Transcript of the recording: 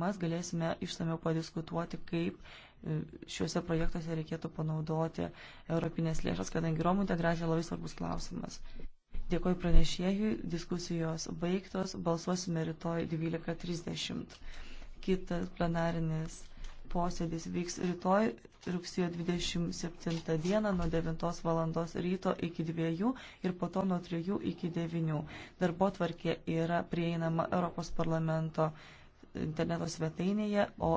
mes galėsime išsameu padiskutuoti, kaip e, šiuose projektuose reikėtų panaudoti europinės lėšas, kadangi Romų integracija labai svarbus klausimas. Dėkoju pranešėjui, diskusijos baigtos, balsuosime rytoj 12.30. Kitas plenarinis posėdis vyks rytoj rugsėjo 27 dieną nuo 9 val. ryto iki 2 ir po to nuo 3 iki 9. Darbo tvarkė yra prieinama Europos parlamento interneto svetainėje, o